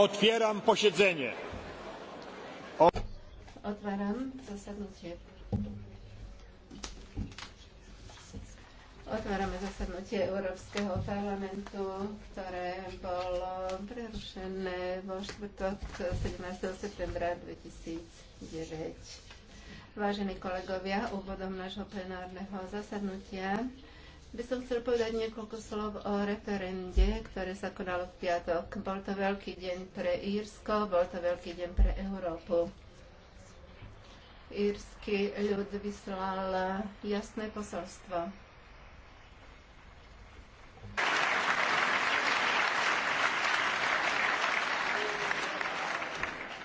Otwieram posiedzenie. O... Otváram zasadnutie. Otvárame zasadnutie Európskeho parlamentu, ktoré bolo prerušené vo štvrtok 17. septembra 2009. Vážení kolegovia, úvodom nášho plenárneho zasadnutia by som chcel povedať niekoľko slov o referende, ktoré sa konalo v piatok. Bol to veľký deň pre Írsko, bol to veľký deň pre Európu. Írsky ľud vyslal jasné posolstvo